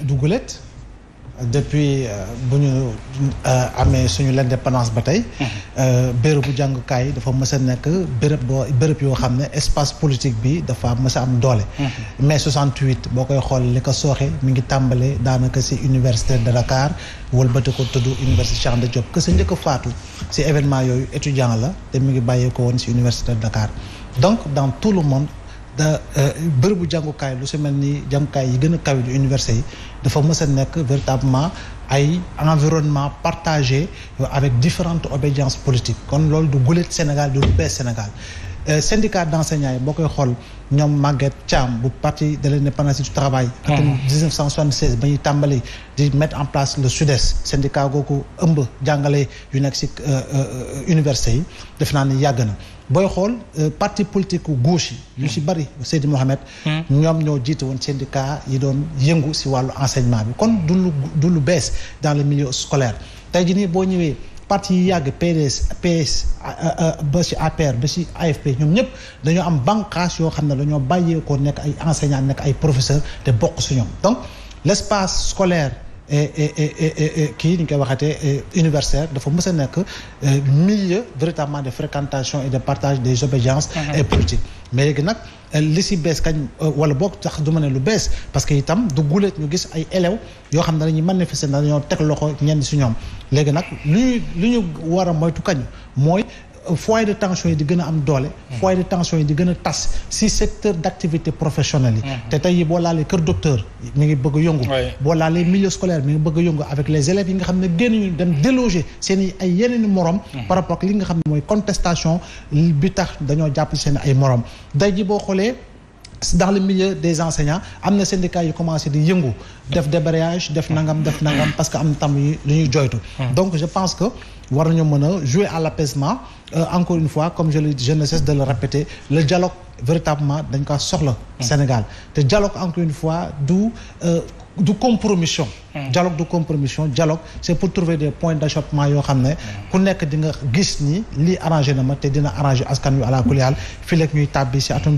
du gulet depuis euh, bu ñu euh, amee suñu l'indépendance ba tey mhm. euh, bérébu jàngukaay yi dafa mës nekk béréb boo béréb yoo xam ne espace politique bi dafa mës a am doole mhm. mai 68 boo koy xool li ko sooxe mi ngi tàmbale daanaka si université de Dakar wëlbati ko tudd université Cheikh Anta Diop que sa njëkk faatu si événement yooyu étudiant la te mi ngi bàyyeekoo woon si université de Dakar donc dans tout le monde da euh, bërëbu jàngukaay lu si mel ni jàngukaay yi gën a kawe di université yi dafa mës a nekk véritablement ay environnement partagé avec différentes obédiences politiques kon loolu du gulet Sénégal du lu Sénégal Euh, syndicat d'enseignants yi boo koy xool ñoom Maguette Thiam bu parti de l'indépendance du travail atum ah. 1976 ba ñuy tàmbali di mettre en place le SUDES syndicat googu ëmb jàngale yu nekk si université yi def naa ni yàgg na booy xool euh, parti politique gauche yi yu si hmm. bëri Seydi Mohamed hmm. ñoom ñoo jiite woon syndicat yi doon yëngu si wàllu enseignement bi kon du lu du lu bees dans le milieu scolaire tey ji nii boo ñëwee parti yi yàgg PDS PS euh, euh, ba ci APR ba ci AFP ñoom ñëpp dañoo am bànqaas yoo xam ne dañoo bàyyeekoo nekk ay enseignants nekk ay professeurs te bokk su ñoom donc l' espace scolaire et kii ni ñu koy waxatee euh, universitaire dafa mës a nekk milieu véritablement de fréquentation et de partage des obédiences et uh-huh. politiques mais léegi nag euh, li si bees kañ euh, wala boog tax du ma ne lu bees parce que itam du guleet ñu gis ay élèves yoo xam ne dañuy manifester dañoo teg loxo ñenn si ñoom léegi nag lu ñu lu ñu war a moytu kañ mooy foyer de tension yi di gën a am doole hmm. foyer de tension yi di gën a tas si secteur d' activité yi hmm. te tey boo laalee kër docteur mi ngi bëgg yongu boo laalee milieu scolaire mi ngi bëgg a yëngu avec les élèves yi nga xam ne génn ñu dem déloger seen i ay yeneen i morom hmm. par rapport ak li nga xam ne mooy contestation bi tax dañoo jàpp seen ay morom day ji boo xoolee dans le milieu des enseignants am na syndicats yu commencé di yëngu def débrayage def nangam def nangam parce que am na tam lu ñuy joytu hmm. donc je pense que war nañu mën a jouer à l'apaisement euh, encore une fois comme je le je ne cesse de le répéter le dialogue véritablement dañ ko soxla hmm. Sénégal te dialogue encore une fois du euh, du compromission hmm. dialogue du compromission dialogue c'est pour trouver des points d'achoppement yoo xam ne ku nekk di nga gis ni lii arrangé na ma dina arrangé askan wi àla kuleyal fii leeg ñuy tàbbi ci atum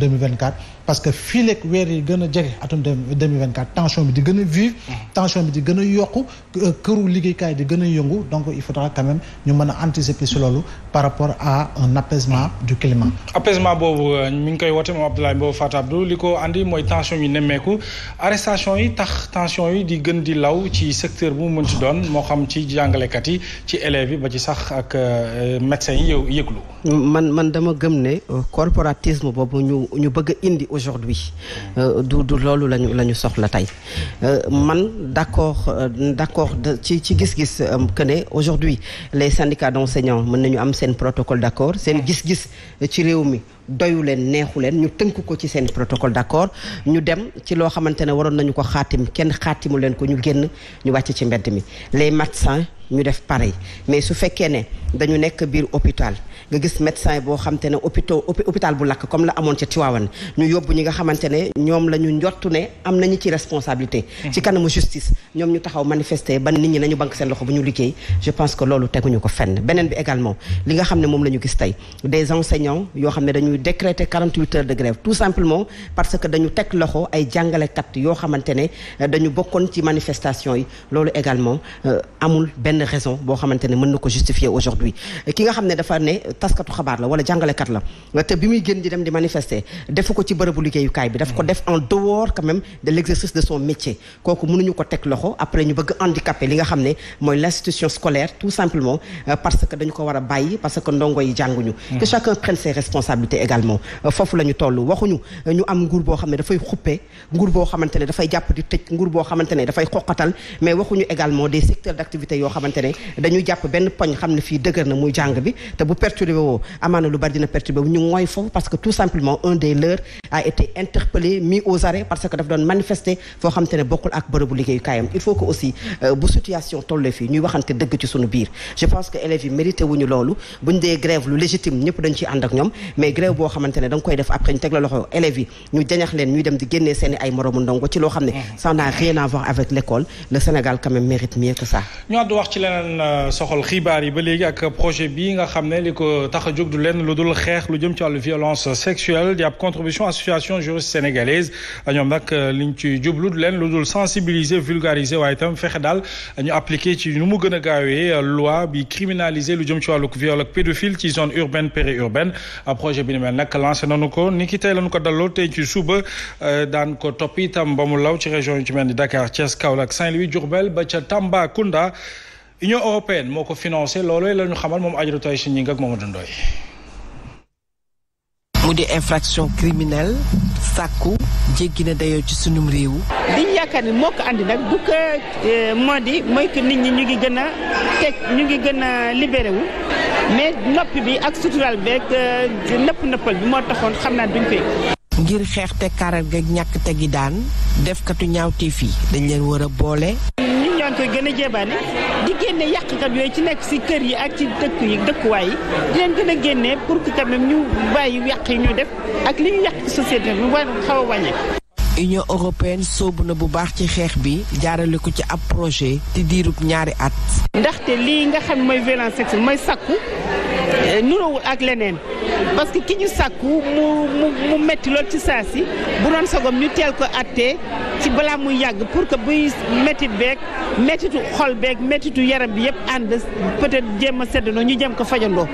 parce que fii ak weer yi gën a jege atum deux mille vingt quatre tension bi di gën a vive. Mm-hmm. tension bi a yokku euh, këru liggéeykaay di gën a yëngu donc il faudra quand même ñu mën a anticiper si loolu par rapport à un apaisement du climat. Mm-hmm. apaisement boobu mu euh, ngi koy woote moom Abdoulaye Mbow Fatou li ko andi mooy tension yi nemmeeku arrestation yi tax tension yi di gën di law ci secteur bu mu mënti doon moo xam ci jàngalekat yi ci élèves yi ba ci sax ak euh, médecins yi yow yëglu. man man dama gëm ne corporatisme boobu ñu ñu bëgg indi. aujourd'hui euh, du du loolu lañu la ñu soxla tey euh, man d'accord euh, d'accord ci ci gis-gis que ne aujourd'hui les syndicats d'enseignants mën nañu am seen protocole d'accord seen gis-gis ci réew mi doyu leen neexu leen ñu tënk ko ci seen protocole d'accord ñu dem ci loo xamante ne waroon nañu ko xaatim kenn xaatimu leen ko ñu génn ñu wàcc ci mbedd mi les médecins ñu def pareil mais su fekkee ne dañu nekk biir hôpital nga gis médecin boo xam te ne hôpital hôpital bu lakk comme la amoon ca Tivaouane ñu yóbbu ñi nga xamante ne ñoom la ñu njottu ne am nañu ci responsabilité mhm. ci kanamu justice ñoom ñu taxaw manifester ba nit ñi nañu bank seen loxo bu ñu liggéey je pense que loolu teguñu ko fenn beneen bi également li nga xam ne moom la ñu gis tey décrété 48 heures de grève tout simplement parce que dañu teg loxo ay jàngalekat yoo xamante ne euh, dañu bokkoon ci manifestation yi loolu également euh, amul benn raison boo xamante ne mën na ko justifier aujourd'hui ki nga xam ne dafa ne taskatu xabaar la wala jàngalekat la te bi muy génn di dem di manifester defu ko ci bërëbu liggéeyukaay bi daf ko def en dehors quand même de l'exercice de son métier kooku mënuñu ko teg loxo après ñu bëgg handicapé xam ne mooy l'institution scolaire tout simplement euh, parce que dañu ko war a bàyyi parce que également euh, foofu la ñu waxuñu euh, ñu am nguur boo xam ne dafay xuppe nguur boo xamante ne dafay jàpp di tëj nguur boo xamante ne dafay xoqatal mais waxuñu également des secteurs d'activité yoo xamante ne dañuy jàpp benn poñ xam ne fii dëgër na muy jàng bi te bu perturbé amaana lu bari dina perturbé wu ñu mooy foofu parce que tout simplement un des leurs a été interpellé mis aux arrêts parce que daf doon manifester foo xamante bokkul ak bërëbu liggéeyukaayam il boo xamante ne da nga koy def après ñu teg la loxo élèves yi ñu jañax leen ñuy dem di génnee seen i ay moroomu ndongo ci loo xam ne mhm. ça n'a rien à avec l'école le Sénégal quand mérite mieux que ñu àddu wax ci leneen euh, soxal xibaar yi ba léegi ak projet bi nga xam ne li ko tax a du lenn lu dul xeex lu jëm ci wàllu violence sexuelle di ab contribution association juriste sénégalaise ñoom nag euh, liñ ci jublu du lenn lu dul sensibiliser vulgariser waaye itam a gaawee euh, mel nag lancé nañu ko ni ki tey lañu ko dalloo tey ci suba euh, daan ko topp itam ba mu law ci région yu ci mel ni Dakar Thiès Kaolack Saint-Louis Diourbel ba ca Tambacounda Union européenne moo ko financé loolooy la ñu xamal moom Adjaratou Aïcha Gningue ak Mamadou Ndoye mu di infraction criminelle sàkku jéggi na dayoo ci sunum réew li ñu yaakaar ni moo ko andi nag du ko euh, moo di mooy que nit ñi ñu ngi gën teg ñu ngi gën a mais noppi bi ak sutural beeg euh, nëpp nëppal bi moo taxoon xam naa duñ koy. ngir xeex te karal ga ñàkk tegi daan defkatu ñaaw ñaawteef yi dañ leen war a boole. ñu ñoo koy gën a jébaane di génne yàqkat yooyu ci nekk si kër yi ak ci dëkk yi dëkkuwaay yi di leen gën a pour que quand ñu bàyyi yàq yi ñu def ak li ñu yàq société bi war xaw Union européenne sóobu na bu baax ci xeex bi jaarale ko ci ab projet te diirub ñaari at. ndaxte lii nga Euh, nuróowul ak leneen parce que ki ñu sàkku mu mu mu métti lool ci saa si bu doon sogom ñu teel ko attee ci balaa muy yàgg pour que buy métit beeg méttitu xol beeg méttitu yaram bi yëpp ànd peut-être jéem a seddandoo ñu jéem ko fajandoo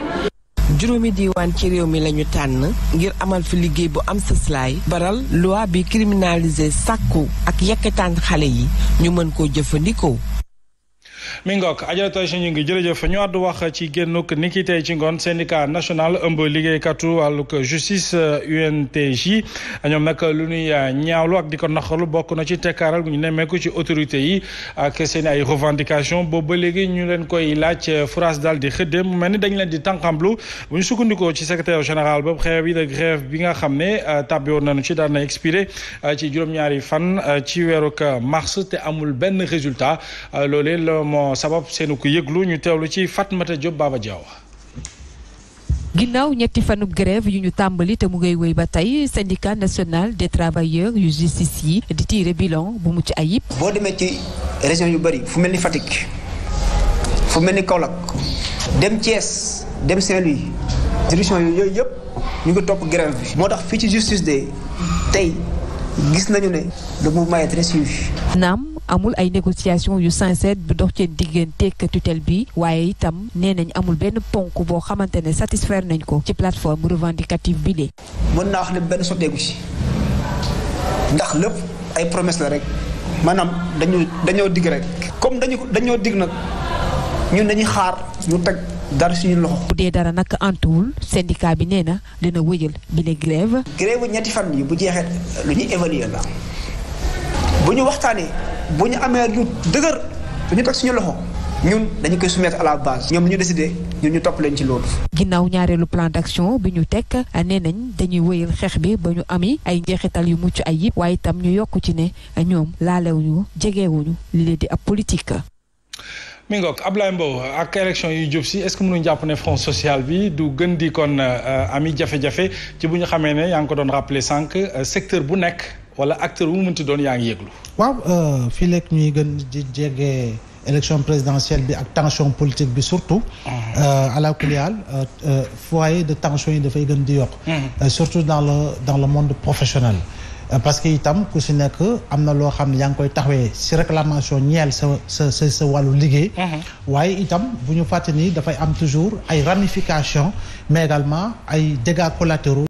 juróomi diiwaan ci réew mi lañu tànn ngir amal fi liggéey bu am sëslaay baral loi bi criminalisé sàkku ak yekkataan xale yi ñu mën koo jëfandikoo mi ngook ajarata si ñu ngi jërëjëf ñu àddu wax ci génnuk ni ki tey ci ngoon syndicat national ëmb liggéeykatu wàllug justice UNTJ ñoom nag lu ñuy ñaawlu ak di ko naxalu bokk na ci tekkaaral gu ñu nemmeeku ci autorité yi ak seen ay revendication boobu ba léegi ñu leen koy laaj France daal di xëddee mu mel ni dañ leen di tànqamlu bu ñu sukkandikoo ci secrétaire général boobu xeew yi de grève bi nga xam ne euh, tàbbi woon nañu ci daan na expiré euh, ci juróom-ñaari fan euh, ci weeruk mars te amul benn résultat moo sabab seenu ko yëglu ñu teewlu ci Fatmata Diop Baba Diaw ginnaaw ñetti fanub grève yu ñu tàmbali te mu ngay wéy ba tey syndicat national des travailleurs yu justice yi di tiire bilan bu mucc ayib. boo demee ci région yu bëri fu mel ni Fatick fu mel ni Kaolack dem Thiès dem Saint-Louis région yooyu yëpp ñu ngi topp grève bi. moo tax fii ci justice de tey gis nañu ne le mouvement est très suivi. amul ay négociation yu sincère bu dox ci diggante ak tutel bi waaye itam nee nañ amul benn ponk boo xamante ne satisfaire nañ ko ci plateforme revendicative bi de. mën naa wax ne benn sotteeku ci ndax lépp ay promesse la rek maanaam dañu dañoo dig rek. comme dañu dañoo dig nag ñun xaar ñu teg. dara suñu loxo. bu dee dara nag antuwul syndicat bi nee na dina wëjal bi ne grève. grève ñetti fan yi bu jeexee lu ñuy évaluer la bu ñu waxtaanee bu ñu amee lu dëgër lu ñu teg suñu loxo ñun dañu koy soumettre à la base ñoom ñu décidé ñun ñu topp leen ci loolu. ginnaw ñaareelu plan d'action bi ñu teg nee nañ dañuy wéyal xeex bi ba ñu ami ay njeexital yu mucc ay yib waaye itam ñu yokk ci ne ñoom laalewuñu jegewuñu li di ab politique. mi ab Ablaye Mbow ak élection yu jub si est-ce que mënuñu jàpp ne front social bi du gën di kon euh, ami jafe-jafe ci bu ñu xamee ne yaa ngi ko doon rappelé sànq euh, secteur bu nekk. wala acteur wu mu mënti doon yaa ngi yëglu. waaw euh, fii léegi ñuy gën di jege élection présidentielle bi ak tension politique bi surtout. ala kuliyal fois de tension yi dafay gën di yokk. Hmm. Euh, surtout dans le dans le monde professionnel. Euh, parce que itam ku si nekk am na loo xam ne yaa ngi koy taxawee si réclamation ñeel sa sa sa sa wàllu liggéey. Hmm. waaye itam bu ñu fàtte ni dafay am toujours ay ramifications mais également ay dégâts collatéraux.